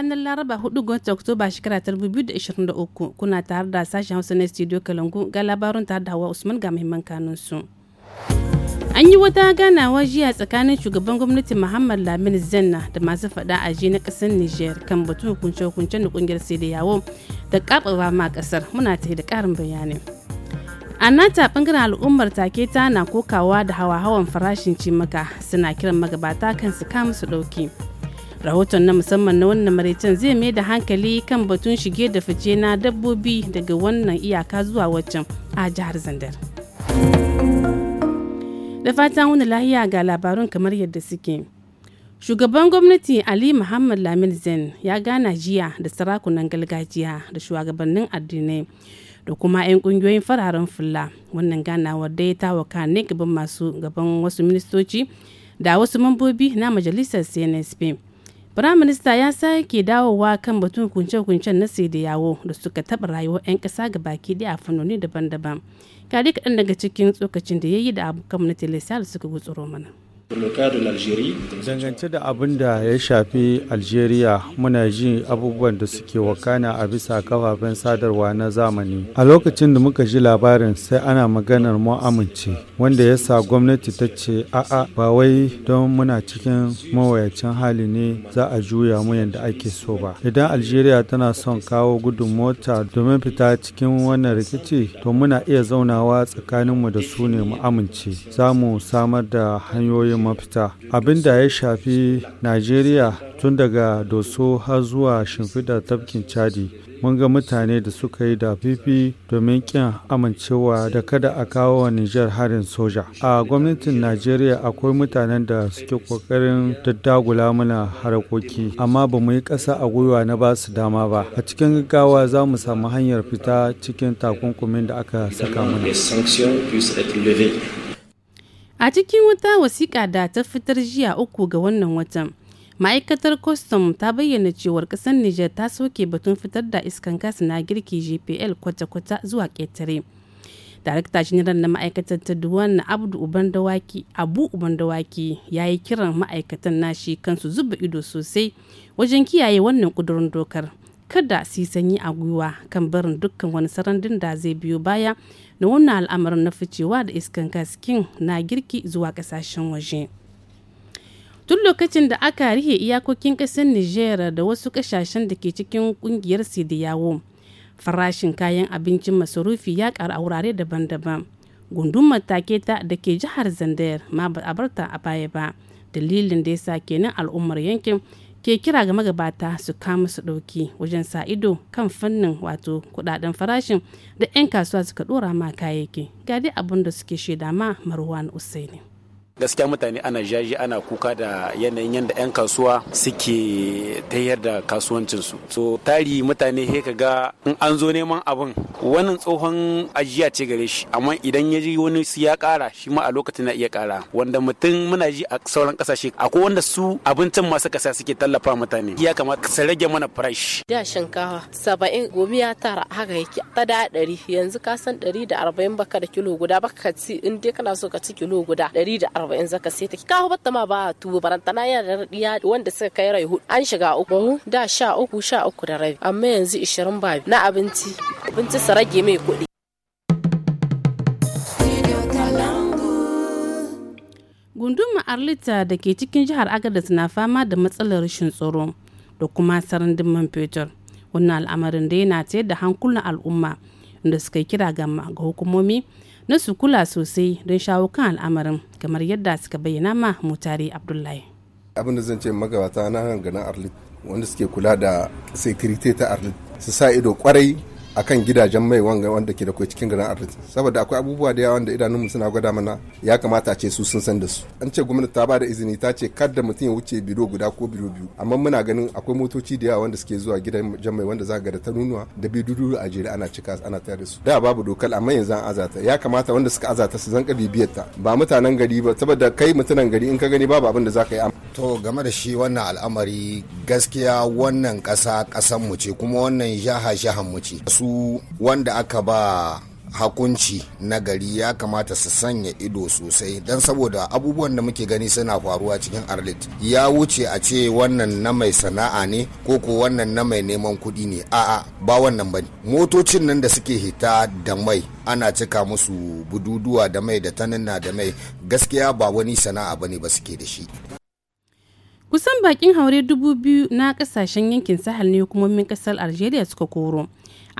ranar Laraba 4 ga watan Oktoba shekara ta 2023 kuna tare da sashen Hausa na Studio Kalangu ga labarun tare da Hawa Usman ga muhimman kanun su. An yi wata ganawa jiya tsakanin shugaban gwamnati Muhammad Lamin Zanna da masu fada a na kasar niger kan batun hukunce-hukuncen na kungiyar sai da yawo da kabawa ma ƙasar muna ta da ƙarin bayani. a nata bangaren al'ummar take ta na kokawa da hawa-hawan farashin cimaka suna kiran magabata kan su kama su ɗauki rahoton na musamman na wannan maraicen zai mai da hankali kan batun shige da fice na dabbobi daga wannan iyaka zuwa waccan a jihar zandar da fatan wani lahiya ga labarun kamar yadda suke shugaban gwamnati ali muhammad lamin zain ya gana jiya da sarakunan gargajiya da shugabannin addinai da kuma 'yan kungiyoyin fararen fulla wannan ganawar dai ya tawaka ne gaban masu gaban wasu ministoci da wasu mambobi na majalisar cnsp Firaminista ya sake dawowa kan batun kunce-kuncen na sai da yawo da suka taɓa rayuwar 'yan ƙasa ga baki ɗaya a fannoni daban-daban. Kari kaɗan daga cikin tsokacin da ya yi da abokan na Telesa da suka gutsuro mana. Dangance da abin da ya shafi Algeria muna ji abubuwan da suke wakana a bisa kafafen sadarwa na zamani. A lokacin da muka ji labarin sai ana maganar mu amince wanda ya sa gwamnati ta ce a'a ba wai don muna cikin mawayacin hali ne za a juya mu yadda ake so ba. Idan Algeria tana son kawo gudun mota domin fita cikin wannan rikici to muna iya zaunawa tsakaninmu da su ne mu amince. Za mu samar da hanyoyin mafita abin da ya shafi najeriya tun daga doso har zuwa shimfida tafkin chadi mun ga mutane da suka yi da fifi domin kin amincewa da kada a kawo wa Nijar harin soja. A gwamnatin Najeriya akwai mutanen da suke kokarin daddagula mana harakoki, amma ba mu yi ƙasa a gwiwa na ba su dama ba. A cikin gaggawa za mu samu hanyar fita cikin takunkumin da aka saka mana. A cikin wata wasiƙa da ta fitar jiya uku ga wannan watan, ma'aikatar kwastam ta bayyana cewar ƙasar Nijar ta soke batun fitar da iskan gas na girki GPL kwata-kwata zuwa ƙetare. Darakta General na ma'aikatar ta Duwan na Abdu ubandawaki Abu ubandawaki ya yi kiran ma'aikatan nashi kansu zuba ido sosai wajen kiyaye wannan ƙudurin dokar. Kada su yi sanyi a gwiwa kan barin dukkan wani sarandin da zai biyo baya da wannan al'amarin na ficewa da iskan gaskin na girki zuwa kasashen waje tun lokacin da aka rihe iyakokin ƙasar nigeria da wasu ƙasashen da ke cikin ƙungiyar yawo farashin kayan abincin masarufi ya ƙaru a wurare daban-daban gundumar taketa da ke jihar zandayar ma ba a barta a baya ba dalilin da ya sa kenan al'ummar yankin ke kira ga magabata su kama su ɗauki wajen sa ido kan fannin wato kudaden farashin da 'yan kasuwa suka ɗora ma kayayyaki gadi dai abin da suke shaida ma marwan usaini gaskiya mutane ana jaji ana kuka da yanayin yadda 'yan kasuwa suke tayar da kasuwancinsu so tari mutane he ga in an zo neman abin wannan tsohon ajiya ce gare shi amma idan ya ji wani su ya kara shi ma a lokacin na iya kara wanda mutum muna ji a sauran kasashe akwai wanda su abincin masu kasa suke tallafa mutane ya kamata su rage mana farashi da shinkafa saba'in gobe ya tara haka yake ta da ɗari yanzu ka san ɗari da arba'in baka da kilo guda baka ci in dai kana so ka ci kilo guda ɗari da arba'in arba'in zaka sai ta kawo batta ma ba tuwo barantana yana da wanda suka kai rai hudu an shiga uku da sha uku sha uku da rabi amma yanzu ishirin ba na abinci abinci su rage mai kuɗi. Gunduma Arlita da ke cikin jihar Agadez na fama da matsalar rashin tsaro da kuma sarandin man fetur. Wannan al'amarin da yana ce da hankulan al'umma da suka kira ga hukumomi na su kula sosai don shawo kan al'amarin kamar yadda suka bayyana ma mutare abdullahi abin da zan ce magabata na ganin arlit wanda suke kula da sekirite ta arlit su sa ido kwarai akan gidajen mai wanga wanda ke da kai cikin garin arziki saboda akwai abubuwa da yawa wanda idanunmu suna gwada mana ya kamata a ce su sun san da su an ce gwamnati ta bada izini ta ce kada mutum ya wuce biro guda ko biro biyu amma muna ganin akwai motoci da yawa wanda suke zuwa gidajen mai wanda za ga da tanunuwa da bidudu a jere ana cika ana tayar da su da babu dokar amma yanzu an azata ya kamata wanda suka azata su zanka bibiyar ta ba mutanen gari ba saboda kai mutanen gari in ka gani babu abin da za ka yi to game da shi wannan al'amari gaskiya wannan ƙasa ƙasan mu ce kuma wannan jaha jahan mu ce su wanda aka ba hakunci na gari ya kamata su sanya ido sosai don saboda abubuwan da muke gani suna faruwa cikin arlit ya wuce a ce wannan na mai sana'a ne ko ko wannan na mai neman kuɗi ne a'a ba wannan ba motocin nan da suke hita da mai ana cika musu bududuwa da mai da tanina da mai gaskiya ba wani sana'a ba ne ba suke da shi kusan bakin haure dubu biyu na kasashen yankin sahel ne hukumomin kasar algeria suka koro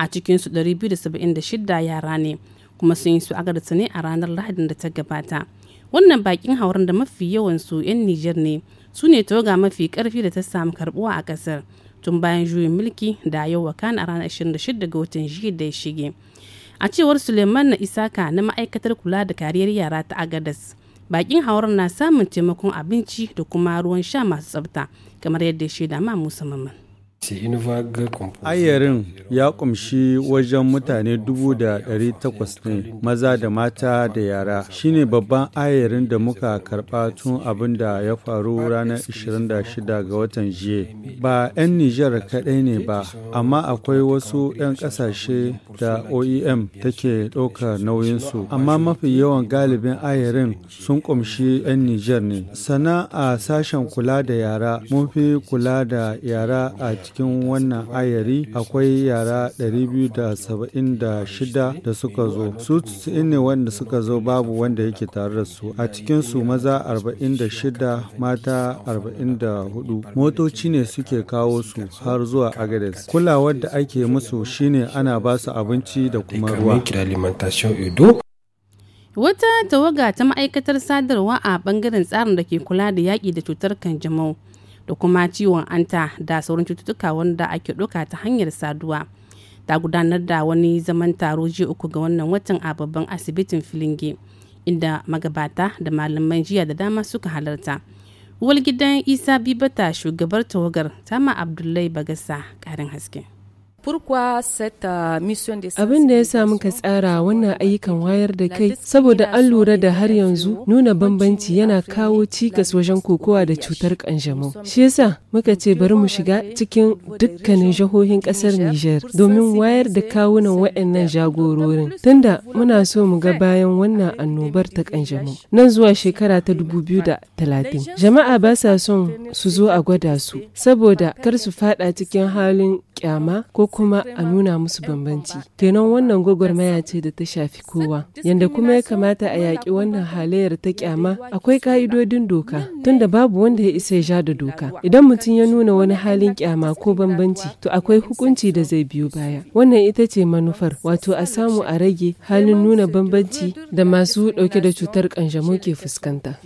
a cikinsu 276 yara ne kuma sun yi su garta ne a ranar lahadin da ta gabata wannan bakin hauren da mafi yawansu 'yan nijar ne su ne toga mafi karfi da ta samu karbuwa a kasar tun bayan juyin mulki da yau kan a ranar 26 ga watan jiya da ya shige a cewar suleiman na isaka na ma'aikatar kula da kariyar yara ta agadas bakin hauren na samun taimakon abinci da kuma ruwan sha masu tsabta kamar yadda ya shaida ma musamman Ayarin ya kumshi wajen mutane 1,800 ne maza da mata da yara. shine babban ayarin da muka karɓa tun abin da ya faru ranar 26 ga watan jiya. Ba 'yan Nijar kaɗai ne ba, amma akwai wasu 'yan ƙasashe da OEM take ɗaukar nauyinsu. Amma mafi yawan galibin ayarin sun kumshi 'yan Nijar ne. Sana a sashen kula da yara, mun fi kula da yara a cikin wannan ayari akwai yara 276 da suka zo su ne wanda suka zo babu wanda yake tare da su a cikin su maza 46 mata 44 motoci ne suke kawo su har zuwa agades kulawar da ake musu shine ana ba su abinci da kuma ruwa wata tawaga ta ma'aikatar sadarwa a bangaren tsarin da ke kula da yaƙi da cutar kanjamau da kuma ciwon anta da sauran cututtuka wanda ake ɗauka ta hanyar saduwa ta gudanar da wani zaman taro jiya uku ga wannan watan a babban asibitin filinge inda magabata da malaman jiya da dama suka halarta uwar gidan isa bibata shugabar tawagar tama abdullahi bagasa karin haske Euh, Abin da ya sa muka tsara wannan ayyukan wayar da kai saboda an lura da har yanzu nuna bambanci yana kawo cikas wajen kokowa da cutar kanjamau. Shi yasa muka ce bari mu shiga cikin dukkanin jihohin kasar Nijar domin wayar da kawunan waɗannan jagororin. Tunda muna so mu ga bayan wannan annobar ta kanjamau. Nan zuwa shekara ta talatin Jama'a ba sa son su zo a gwada su saboda kar su fada cikin halin kyama ko kuma a nuna musu bambanci kenan wannan gwagwarmaya ce da ta shafi kowa yanda kuma ya kamata a yaƙi wannan halayyar ta kyama akwai ka'idodin doka tunda babu wanda ya isa ja da doka idan mutum ya nuna wani halin kyama ko bambanci to akwai hukunci da zai biyo baya wannan ita ce manufar wato a samu a rage halin nuna bambanci da masu ɗauke da cutar kanjamau ke fuskanta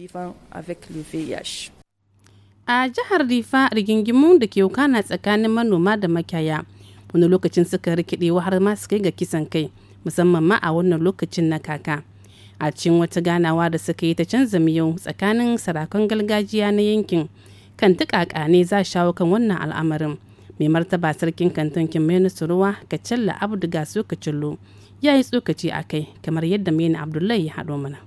a jihar rifa rigingimu da ke na tsakanin manoma da makiyaya wani lokacin suka rikidewa har ma su kai ga kisan kai musamman ma a wannan lokacin na kaka a cikin wata ganawa da suka yi ta canza miyau tsakanin sarakan gargajiya na yankin kan tukaka ne za shawo kan wannan al'amarin mai martaba sarkin kantin kimenu suruwa kacalla abdu gasu kacillo ya yi tsokaci a kai kamar yadda mena abdullahi ya haɗo mana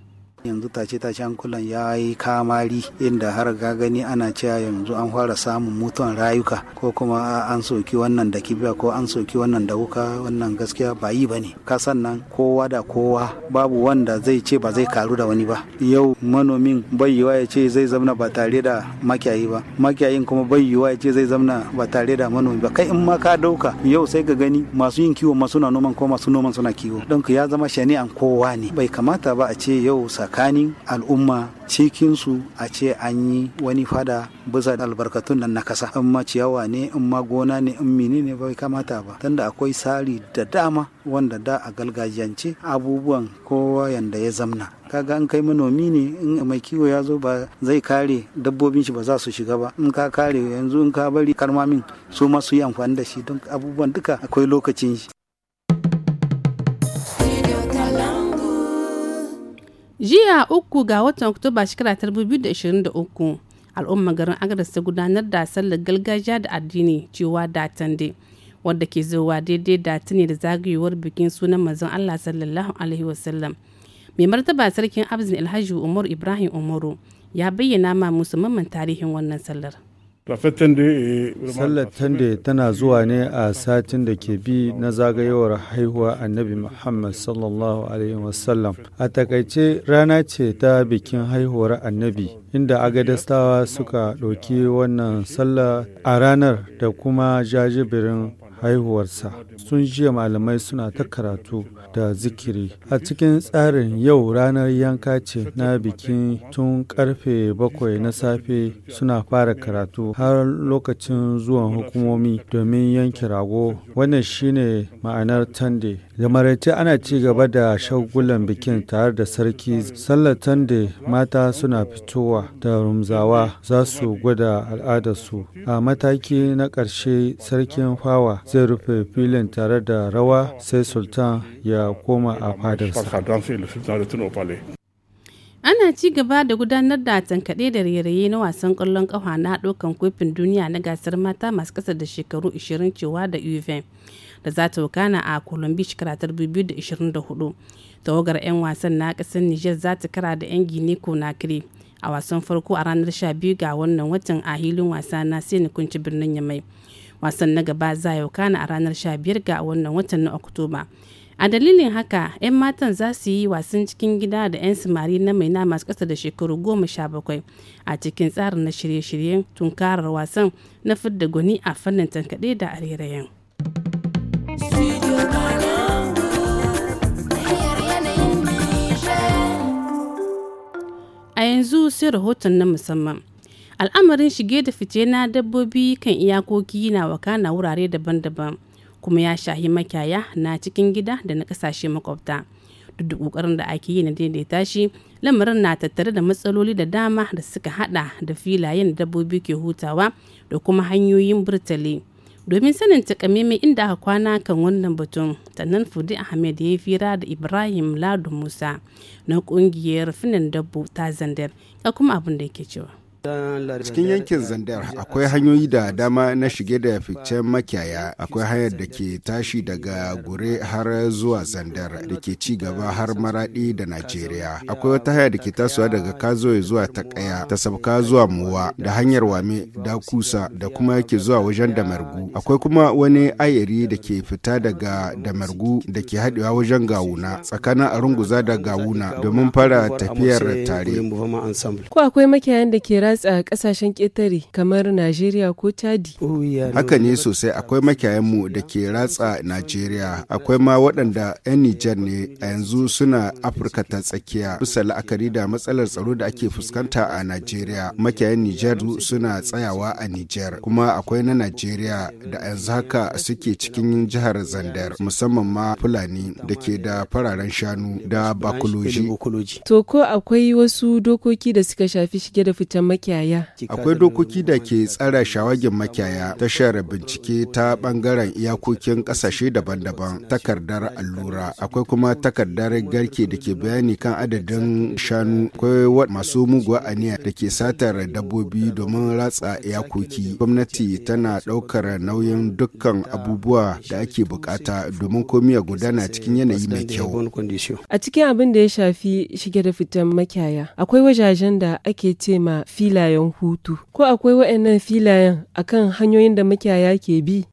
yanzu tace tace kulan ya yi kamari inda har ga gani ana cewa yanzu an fara samun mutuwan rayuka ko kuma an soki wannan da kibiya ko an soki wannan da wuka wannan gaskiya ba yi bane kasan nan kowa da kowa babu wanda zai ce ba zai karu da wani ba yau manomin bai yiwa ya ce zai zamna ba tare da makiyayi ba makiyayin kuma bai yiwa ya ce zai zamna ba tare da manomi ba kai in ma ka dauka yau sai ka gani masu yin kiwo masu suna noman ko masu noman suna kiwo don ya zama shani'an kowa ne bai kamata ba a ce yau saka tsakanin al'umma cikinsu a ce an yi wani fada bisa albarkatun nan na kasa in ma ciyawa ne in ma gona ne in mini ne bai kamata ba tunda akwai tsari da dama wanda da a galgajiyance abubuwan kowa yanda ya zamna kaga an kai manomi ne in mai kiwo ya zo ba zai kare dabbobin shi ba za su shiga ba in ka kare yanzu in ka bari karmamin su ma su yi amfani da shi don abubuwan duka akwai lokacin shi jiya uku ga watan oktoba shekara uku al'umma garin agadas ta gudanar da sallar gargajiya da addini cewa datan dai wadda ke zuwa daidai da ne da zagayowar bikin sunan mazan allah sallallahu alaihi wasallam mai martaba sarkin abzin alhaji umar ibrahim umaru ya bayyana ma musamman tarihin wannan sallar Eh, sallar Tande tana zuwa ne a satin da ke bi na zagayowar haihuwa Annabi Muhammad sallallahu Alaihi wasallam. A takaice rana ce ta bikin haihuwar Annabi, inda Agadastawa suka ɗauki wannan sallar a ranar da kuma jajibirin haihuwarsa. Sun jiya malamai suna ta karatu da zikiri. A cikin tsarin yau ranar yanka ce na bikin tun karfe bakwai na safe suna fara karatu har lokacin zuwan hukumomi domin yanke rago. Wannan shine ma'anar Tande. Da maraice ana ci gaba da shagulan bikin tare da sarki sallatan da mata suna fitowa da rumzawa za su gwada al'adarsu. A mataki na ƙarshe sarkin fawa zai rufe filin tare da rawa sai sultan ya koma a fadarsa. ana ci gaba da gudanar da tankaɗe da rairaye na wasan ƙwallon ƙafa na ɗaukan kofin duniya na gasar mata masu ƙasa da shekaru 20 cewa da uvm da za ta wakana a Colombia shekara ta 2024. Tawagar 'yan wasan na kasar niger za ta kara da 'yan Guinea Conakry a wasan farko a ranar 12 ga wannan watan a hilin wasa na kunci birnin Yamai. Wasan na gaba za ya wakana a ranar 15 ga wannan watan na Oktoba. a dalilin haka 'yan matan za su yi wasan cikin gida da 'yan samari na mai na masu kasa da shekaru goma sha bakwai a cikin tsarin na shirye-shiryen tunkarar wasan na fidda gwani a fannin tankaɗe da arerayen. yanzu sai rahoton na musamman. Al'amarin shige da fice na dabbobi kan iyakoki na wakana wurare daban-daban kuma ya shahi makiyaya na cikin gida da na kasashe makwabta. Duk da ƙoƙarin da ake yi na daidaita shi, lamarin na tattare da matsaloli da dama da suka hada da filayen dabbobi ke hutawa da kuma hanyoyin burtale domin sanin takamaimai inda aka kwana kan wannan batun sannan fudi ahmed ya yi fira da ibrahim ladu musa na kungiyar finan dabbo ta zandar ga kuma abin da yake cewa cikin yankin zandar akwai hanyoyi da dama na shige da ficen makiyaya akwai hanyar da ke tashi daga gure har zuwa zandar da ke ci gaba har maradi da najeriya akwai wata hanya da ke tasowa daga kazoye zuwa ta kaya ta sabka zuwa muwa da hanyar wame da kusa da kuma yake zuwa wajen damargu akwai kuma wani ayari da ke fita daga damargu da ke haɗewa wajen gawuna tsakanin arunguza da gawuna domin fara tafiyar tare ko akwai makiyayan da ke watsa kasashen ƙetare kamar Najeriya ko Chadi? Haka ne sosai akwai mu da ke ratsa Najeriya, akwai ma waɗanda 'yan Nijar ne a yanzu suna Afirka ta tsakiya. Bisa la'akari da matsalar tsaro da ake fuskanta a Najeriya, makiyayan Nijar suna tsayawa a Nijar, kuma akwai na Najeriya da yanzu haka suke cikin jihar Zandar, musamman ma Fulani da ke da fararen shanu da bakuloji. To ko akwai wasu dokoki da suka shafi shige da fitan makiyaya. Akwai dokoki da ke tsara shawagin makiyaya tashar bincike ta bangaren iyakokin ƙasashe daban-daban takardar allura akwai kuma takardar garke da ke bayani kan adadin shanu akwai masu muguwa aniya da ke satar dabbobi domin ratsa iyakoki gwamnati tana ɗaukar nauyin dukkan abubuwa da ake bukata domin komi ya gudana cikin yanayi mai kyau. A cikin abin da ya shafi shige da fitan makiyaya akwai wajajen da ake ce ma fi filayen hutu ko akwai waɗannan filayen akan hanyoyin da makiyaya ke bi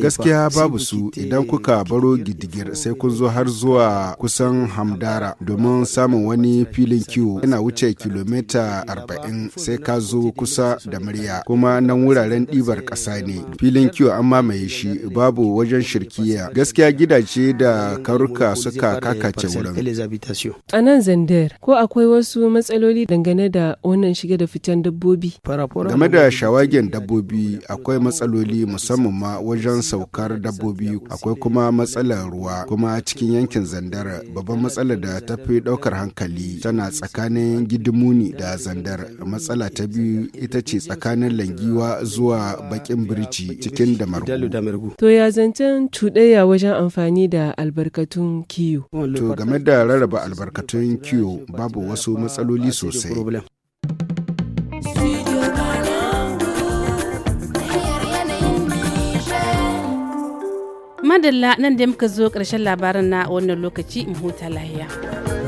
gaskiya babu su idan kuka baro gidigir sai kun zo har zuwa kusan hamdara domin samun wani filin kiwo yana wuce kilomita 40 sai ka zo kusa da murya kuma nan wuraren ɗibar ƙasa ne filin kiwo an mamaye shi babu wajen shirkiya gaskiya gidaje da karuka suka kakace wurin a nan zandar ko akwai wasu matsaloli dangane da wannan shiga shige da fitan dabbobi. Game da shawagen dabbobi akwai matsaloli musamman ma wajen saukar dabbobi akwai kuma matsalar ruwa kuma cikin yankin zandar babban matsalar da ta fi ɗaukar hankali tana tsakanin gidimuni da zandar matsala ta biyu ita ce tsakanin langiwa zuwa bakin birci cikin damargu. To ya zancen cuɗayya wajen amfani da albarkatun kiwo. To game da rarraba albarkatun kiwo babu wasu matsaloli sosai. madalla nan da muka zo ƙarshen labarin na wannan lokaci mu huta lahiya.